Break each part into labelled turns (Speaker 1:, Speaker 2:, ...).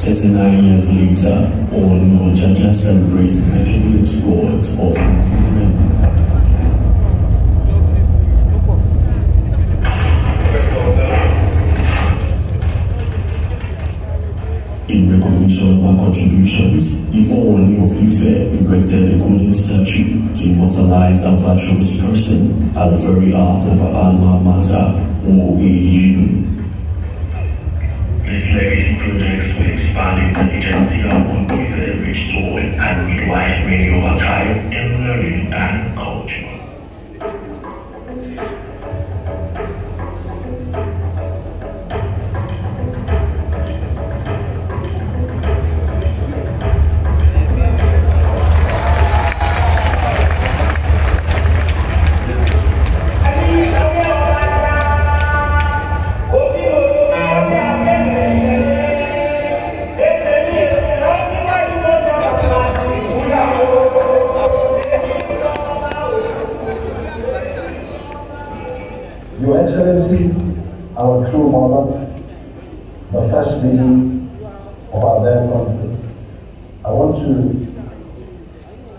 Speaker 1: 39 years later, all Nojanja celebrates the image god of movement. In recognition of her contributions, the Owani of Ife erected a golden statue to immortalize a virtuous person at the very heart of our alma mater, OAU legislation projects for expanding the agency of women with a rich soul and midwife medieval time in learning and culture. first reading of our Bible conflict, I want to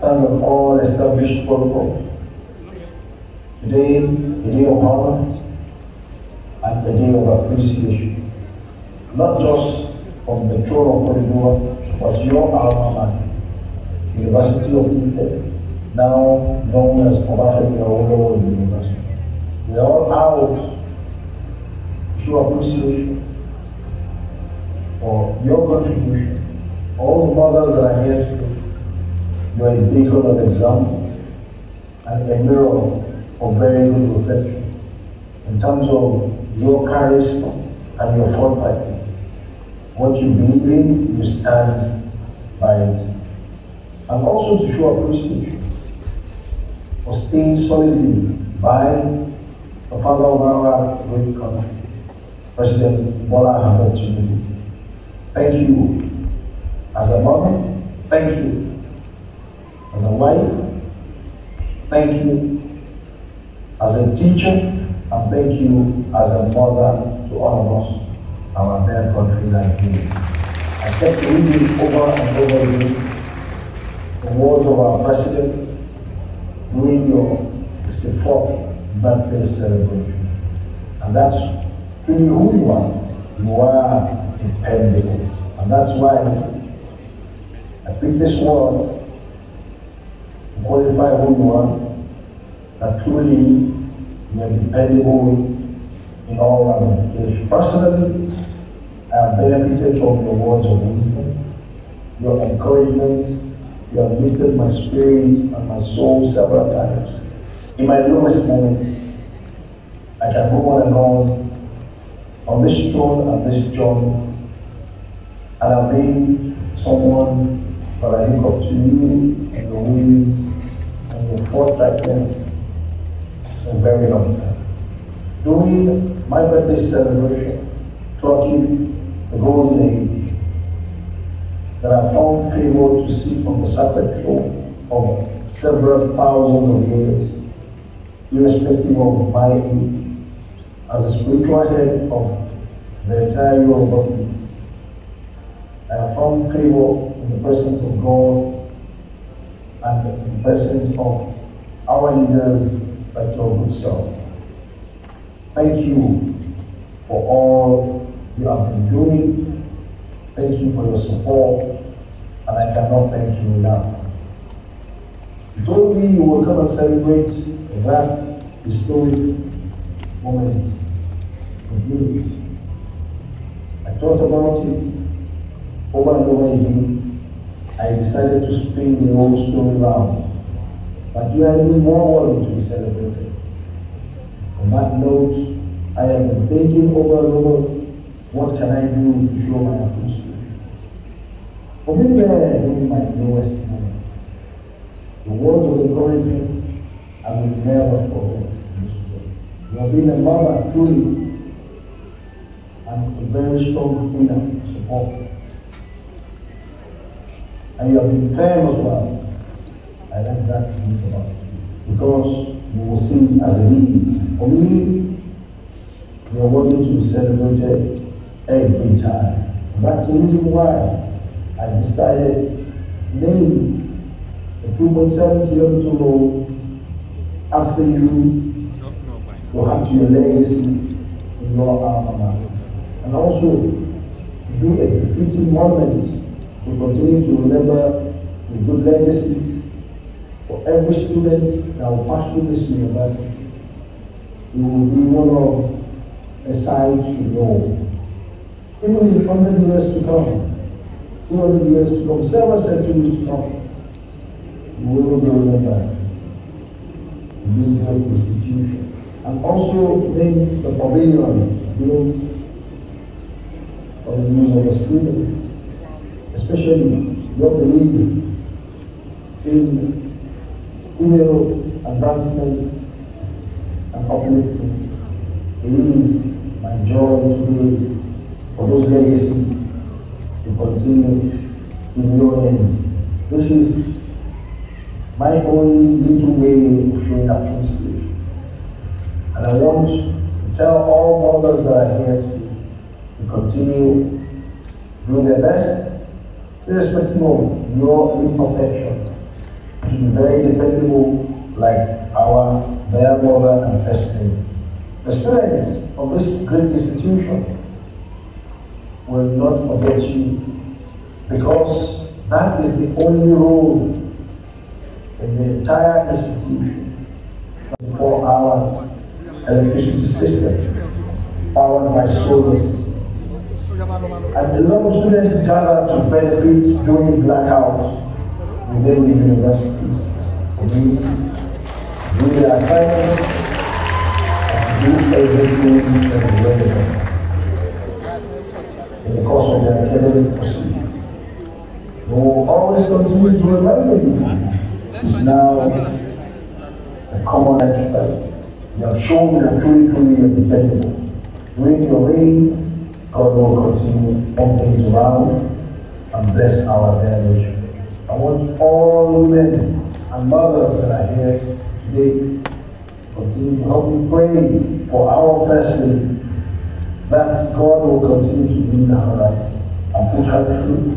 Speaker 1: thank the all established protocol. Today, the day of honor and the day of appreciation. Not just from the throne of Corridor, but your alma mater, University of Eastern, now known as Obafemi Awolowo University. We are all out to appreciate for your contribution. All the mothers that are here you are a beacon of example and a mirror of very good reflection in terms of your courage and your fortitude. What you believe in, you stand by it. And also to show appreciation for staying solidly by the father of our great country, President Bola Ahmed Thank you as a mother. Thank you as a wife. Thank you as a teacher. And thank you as a mother to all of us, our dear country like you. I kept reading over and over again the words of our president during your 64th birthday celebration. And that's truly who you are you are dependable. And that's why I picked this word to qualify who you are, that truly you are dependable in all ramifications. Personally, I have benefited from your words of wisdom, your encouragement, you have lifted my spirit and my soul several times. In my lowest moment, I can go on and on this throne and this job, and i have been someone that I look up to you and your will and your forthrightness for very long time. During my birthday celebration, talking the golden age, that I found favor to see from the sacred throne of several thousands of years, irrespective of my age, as a spiritual head of the entire your of I have found favor in the presence of God and in the presence of our leaders like your good self. Thank you for all you have been doing. Thank you for your support, and I cannot thank you enough. You told me you will come and celebrate that historic moment Thank you thought about it over and over again, I decided to spin the whole story round. But you are even more worthy to be celebrated. On that note, I am thinking over and over, what can I do to show my appreciation? For me, there in my newest moment, the words of encouragement I will never forget. You have been a mother, truly, and a very strong inner support. And you have been firm as well. I like that about you because you were seen as a lead. For me, you are wanting to be celebrated every time. And that's the reason why I decided name the 2.7 kilometer road after you go no, no, no. have to your legacy in your alma mater. and also do a fitting moment to continue to remember the good legacy for every student that will pass through this university. We will be one of the sides to know. Even in 100 years to come, 200 years to come, several centuries to come, we will be remembered in this great institution. And also in the pavilion, built for the name of the Spirit, especially not believing in female advancement and uplifting. It is my joy today for those legacy to continue in your name. This is my only little way of showing up to And I want to tell all mothers that are here to continue doing their best, irrespective of your imperfection, to be very dependable like our their mother and first name. The students of this great institution will not forget you because that is the only role in the entire institution. for our electricity system powered by solar systems and allow students to gather to benefit during blackouts within the universities, community, do their assignment, and do everything that is relevant in the course of their academic procedure. We will always continue to remember you. Is now a common aspect. You have shown that truly, truly you dependable. your reign, God will continue to things around and bless our village. I want all women and mothers that are here today continue to help me pray for our first that God will continue to lead her life and put her through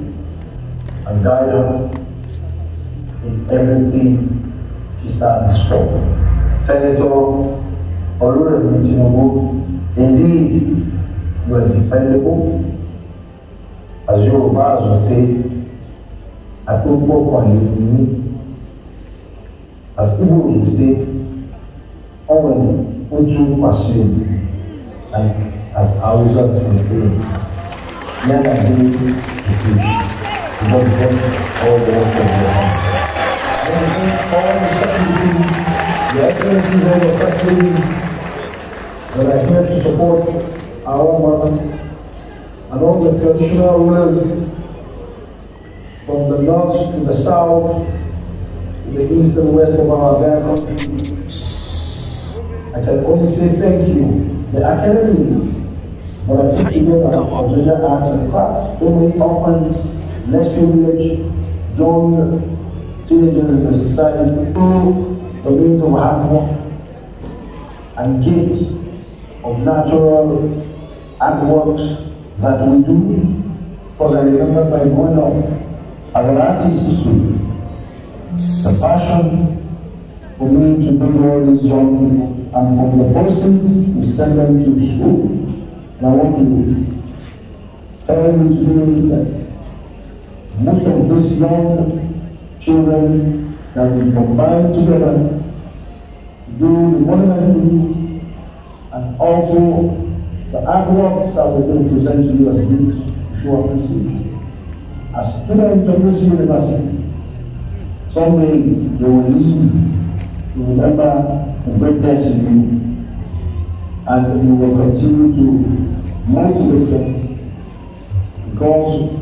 Speaker 1: and guide her in everything she stands for. Senator Oluremi Tinubu, indeed, you are dependable. As dizer will say, Atunpo Kwanini. As Igbo will say, Owen Utu Kwashin. And as Awusas will say, Yana Gini Kutushi. You don't just all the words of your heart. All the deputies, the excellencies, all the first ladies, that are here to support our mothers, and all the traditional rulers from the north to the south, to the east and west of our dear country. I can only say thank you. The academy that I put together for Georgia Arts and Crafts, so many orphans, less privileged, young teenagers in the society, through the means of hard work and gifts of natural and works that we do. Because I remember my growing up as an artist too. The passion for me to bring all these young people and from the persons we send them to school. And I want to tell you today that most of these young children that we combine together do the wonderful and also the artworks that we will present to you as students show appreciation. As students of this university, someday they will leave to remember the greatness in you, and you will continue to motivate them because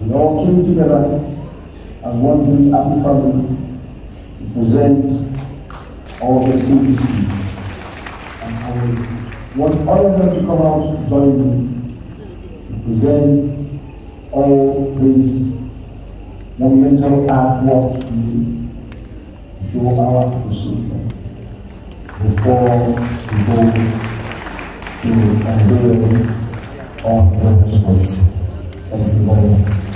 Speaker 1: we all came together as one big happy family to present all the students to you want all of them to come out to join me to present all this monumental artwork to you to show our appreciation before we go to unveil our the Thank you very much.